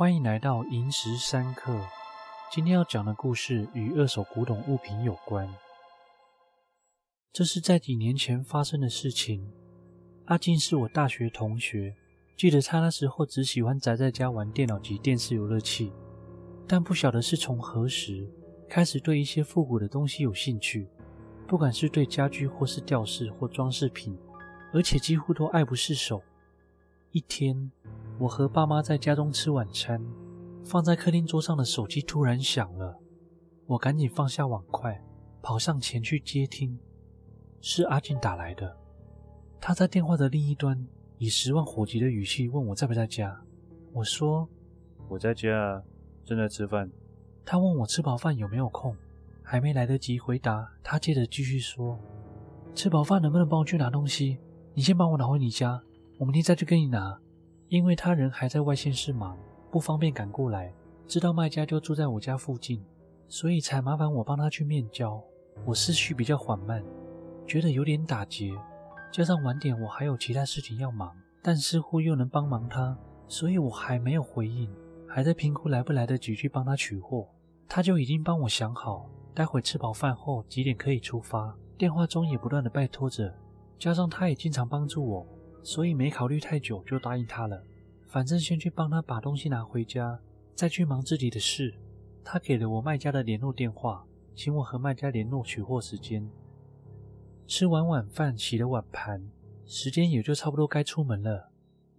歡迎來到寅時三刻。今天要講的故事與二手古董物品有關。這是在幾年前發生的事情。阿進是我大學同學，記得他那時候只喜歡宅在家玩電腦及電視遊樂器，但不曉得是從何時開始對一些復古的東西有興趣，不管是對家居或是吊飾或裝飾品，而且幾乎都愛不釋手。一天。我和爸媽在家中吃晚餐，放在客廳桌上的手機突然響了，我趕緊放下碗筷，跑上前去接聽。是阿進打來的，他在電話的另一端以十萬火急的語氣問我在不在家。我說我在家，正在吃飯。他問我吃飽飯有沒有空，還沒來得及回答，他接着繼續說：吃飽飯能不能幫我去拿東西？你先幫我拿回你家，我明天再去跟你拿。因為他人還在外縣市忙，不方便趕過來。知道賣家就住在我家附近，所以才麻煩我幫他去面交。我思緒比較緩慢，覺得有點打結，加上晚點我還有其他事情要忙，但似乎又能幫忙他，所以我還沒有回應，還在評估來不來得及去幫他取貨，他就已經幫我想好，待會吃飽飯後幾點可以出發。電話中也不斷的拜託着，加上他也經常幫助我。所以沒考慮太久就答應他了，反正先去幫他把東西拿回家，再去忙自己的事。他給了我賣家的聯絡電話，請我和賣家聯絡取貨時間。吃完晚飯，洗了碗盤，時間也就差不多該出門了。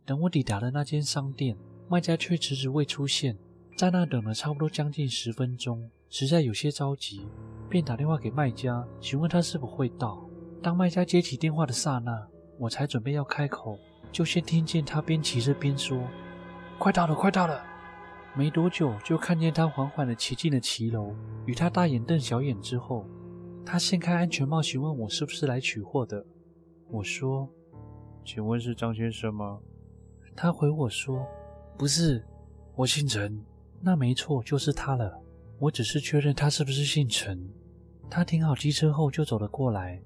等我抵達了那間商店，賣家卻遲遲未出現，在那等了差不多將近十分鐘，實在有些着急，便打電話給賣家，詢問他是否會到。當賣家接起電話的剎那。我才準備要開口，就先聽見他邊騎着邊說：“快到了，快到了！”沒多久就看見他緩緩的騎進了騎樓。與他大眼瞪小眼之後，他掀開安全帽詢問我：“是不是來取貨的？”我說：“請問是張先生嗎？”他回我說：“不是，我姓陳。”那沒錯，就是他了。我只是確認他是不是姓陳。他停好機車後就走了過來。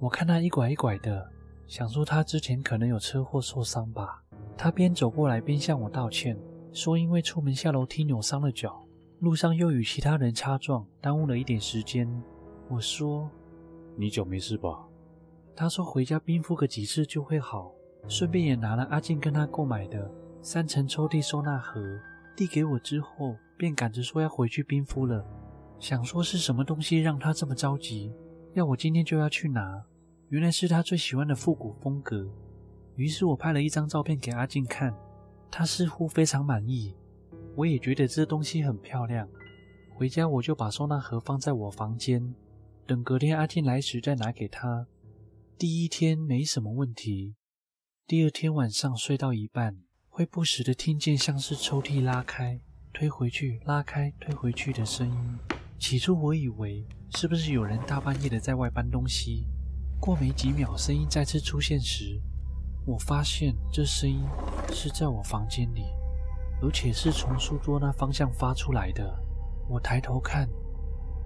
我看他一拐一拐的。想說他之前可能有車禍受傷吧。他邊走過來邊向我道歉，說因為出門下樓梯扭傷了腳，路上又與其他人擦撞，耽誤了一點時間。我說：“你腳沒事吧？”他說回家冰敷個幾次就會好，順便也拿了阿進跟他購買的三層抽屜收納盒遞給我之後，便趕着說要回去冰敷了。想說是什麼東西讓他這麼着急，要我今天就要去拿。原來是他最喜歡的復古風格，於是我拍了一張照片給阿進看，他似乎非常滿意。我也覺得這東西很漂亮。回家我就把收納盒放在我房間，等隔天阿進來時再拿給他。第一天沒什麼問題，第二天晚上睡到一半，會不時的聽見像是抽屜拉開、推回去、拉開、推回去的聲音。起初我以為是不是有人大半夜的在外搬東西。過沒幾秒，聲音再次出現時，我發現這聲音是在我房間裡，而且是從書桌那方向發出來的。我抬頭看，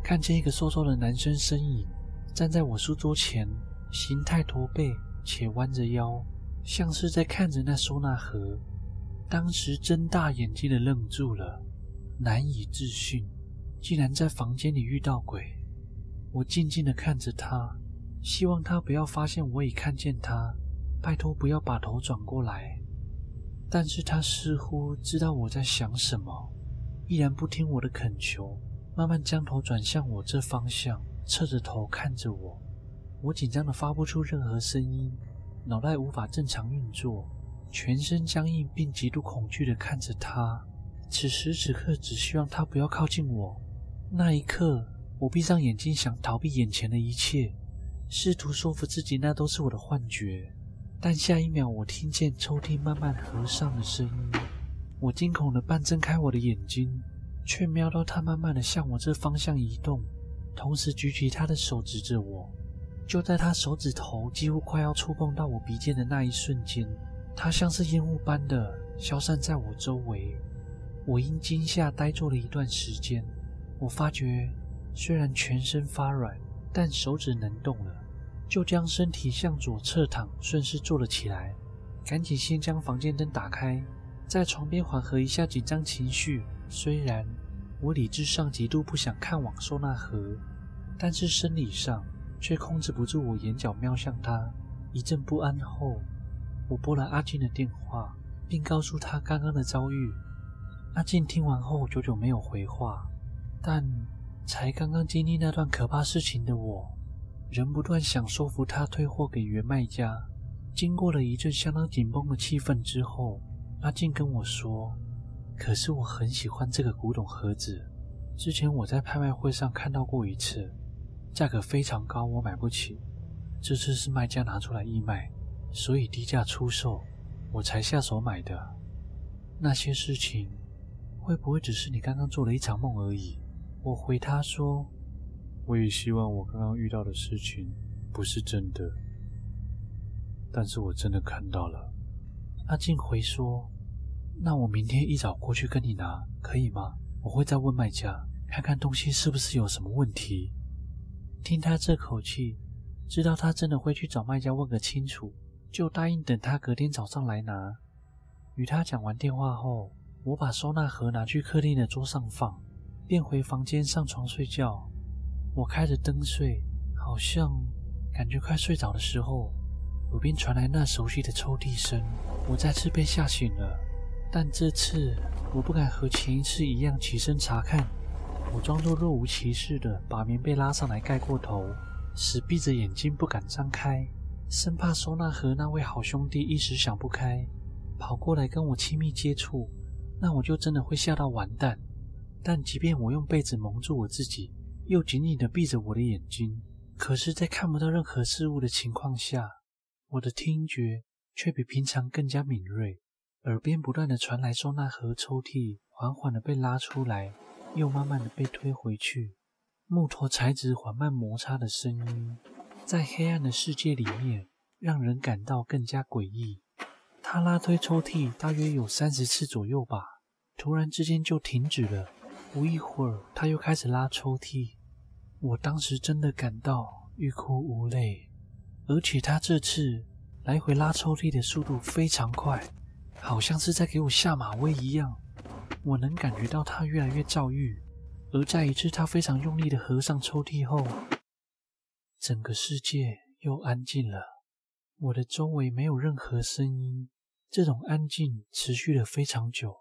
看見一個瘦瘦的男生身影站在我書桌前，形態駝背且彎着腰，像是在看着那收納盒。當時睜大眼睛的愣住了，難以置信，竟然在房間裡遇到鬼。我靜靜的看着他。希望他不要發現我已看見他，拜托不要把頭轉過來。但是他似乎知道我在想什麼，依然不聽我的懇求，慢慢將頭轉向我這方向，側着頭看着我。我緊張的發不出任何聲音，腦袋無法正常運作，全身僵硬，並極度恐懼的看着他。此時此刻，只希望他不要靠近我。那一刻，我閉上眼睛，想逃避眼前的一切。試圖說服自己，那都是我的幻覺。但下一秒，我聽見抽屜慢慢合上的聲音。我驚恐的半睜開我的眼睛，卻瞄到他慢慢的向我這方向移動，同時舉起他的手指着我。就在他手指頭幾乎快要觸碰到我鼻尖的那一瞬間，他像是煙霧般的消散在我周圍。我因驚嚇呆坐了一段時間。我發覺，雖然全身發軟。但手指能動了，就將身體向左側躺，順勢坐了起來，趕緊先將房間燈打開，在床邊緩和一下緊張情緒。雖然我理智上極度不想看往收納盒，但是生理上卻控制不住我眼角瞄向他。一陣不安後，我撥了阿進的電話，並告訴他剛剛的遭遇。阿進聽完後久久沒有回話，但……才剛剛經歷那段可怕事情的我，仍不斷想說服他退貨給原賣家。經過了一陣相當緊繃的氣氛之後，阿進跟我說：“可是我很喜歡這個古董盒子，之前我在拍賣會上看到過一次，價格非常高，我買不起。這次是賣家拿出來義賣，所以低價出售，我才下手買的。”那些事情會不會只是你剛剛做了一場夢而已？我回他說：“我也希望我剛剛遇到的事情不是真的，但是我真的看到了。”阿進回說：“那我明天一早過去跟你拿，可以嗎？我會再問賣家，看看東西是不是有什麼問題。”聽他這口氣，知道他真的會去找賣家問個清楚，就答應等他隔天早上來拿。與他講完電話後，我把收納盒拿去客廳的桌上放。便回房間上床睡覺。我開着燈睡，好像感覺快睡着的時候，耳邊傳來那熟悉的抽屜聲，我再次被嚇醒了。但這次我不敢和前一次一樣起身查看，我裝作若無其事的把棉被拉上來蓋過頭，死閉着眼睛不敢張開，生怕收納盒那位好兄弟一時想不開，跑過來跟我親密接觸，那我就真的會嚇到完蛋。但即便我用被子蒙住我自己，又緊緊地閉着我的眼睛，可是，在看不到任何事物的情況下，我的聽覺卻比平常更加敏銳。耳邊不斷地傳來收納盒抽屜緩緩地被拉出來，又慢慢地被推回去，木頭材質緩慢摩擦的聲音，在黑暗的世界裡面，讓人感到更加詭異。他拉推抽屜大約有三十次左右吧，突然之間就停止了。不一會兒，他又開始拉抽屜。我當時真的感到欲哭無淚，而且他這次來回拉抽屜的速度非常快，好像是在給我下馬威一樣。我能感覺到他越來越躁鬱。而在一次他非常用力地合上抽屜後，整個世界又安靜了。我的周圍沒有任何聲音。這種安靜持續了非常久，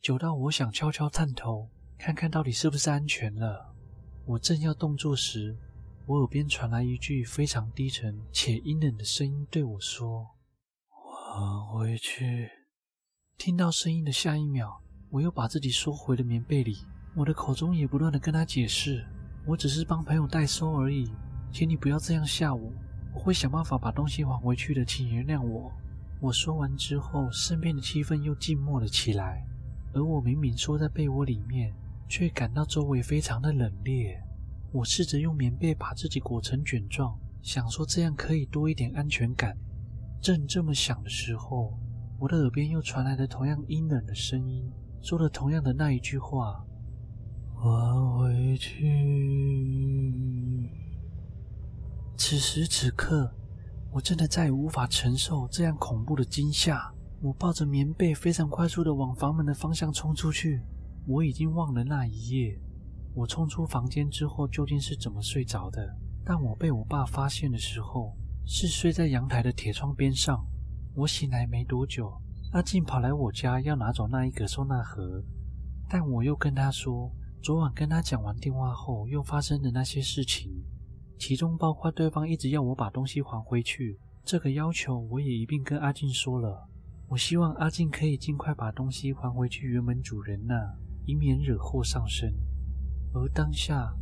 久到我想悄悄探頭。看看到底是不是安全了？我正要動作時，我耳邊傳來一句非常低沉且陰冷的聲音，對我說：“還回去。”聽到聲音的下一秒，我又把自己縮回了棉被裡。我的口中也不斷的跟他解釋：“我只是幫朋友代收而已，請你不要這樣嚇我，我會想辦法把東西還回去的，請原諒我。”我說完之後，身邊的氣氛又靜默了起來，而我明明縮在被窩裡面。卻感到周圍非常的冷冽。我試着用棉被把自己裹成卷狀，想說這樣可以多一點安全感。正這麼想的時候，我的耳邊又傳來了同樣陰冷的聲音，說了同樣的那一句話：“還回去。”此時此刻，我真的再也無法承受這樣恐怖的驚嚇。我抱着棉被，非常快速的往房門的方向衝出去。我已經忘了那一夜，我衝出房間之後究竟是怎麼睡着的。但我被我爸發現的時候，是睡在陽台的鐵窗邊上。我醒來沒多久，阿進跑來我家要拿走那一個收納盒，但我又跟他說，昨晚跟他講完電話後又發生了那些事情，其中包括對方一直要我把東西還回去這個要求，我也一併跟阿進說了。我希望阿進可以儘快把東西還回去原本主人呢。以免惹禍上身。而當下，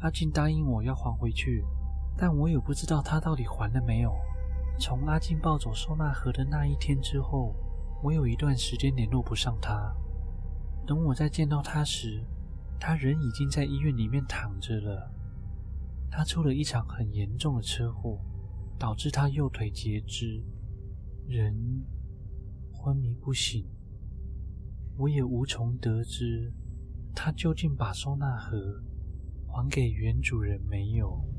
阿進答應我要還回去，但我也不知道他到底還了沒有。從阿進抱走收納盒的那一天之後，我有一段時間聯絡不上他。等我再見到他時，他人已經在醫院裡面躺着了。他出了一場很嚴重的車禍，導致他右腿截肢，人昏迷不醒。我也無從得知，他究竟把收納盒還給原主人沒有。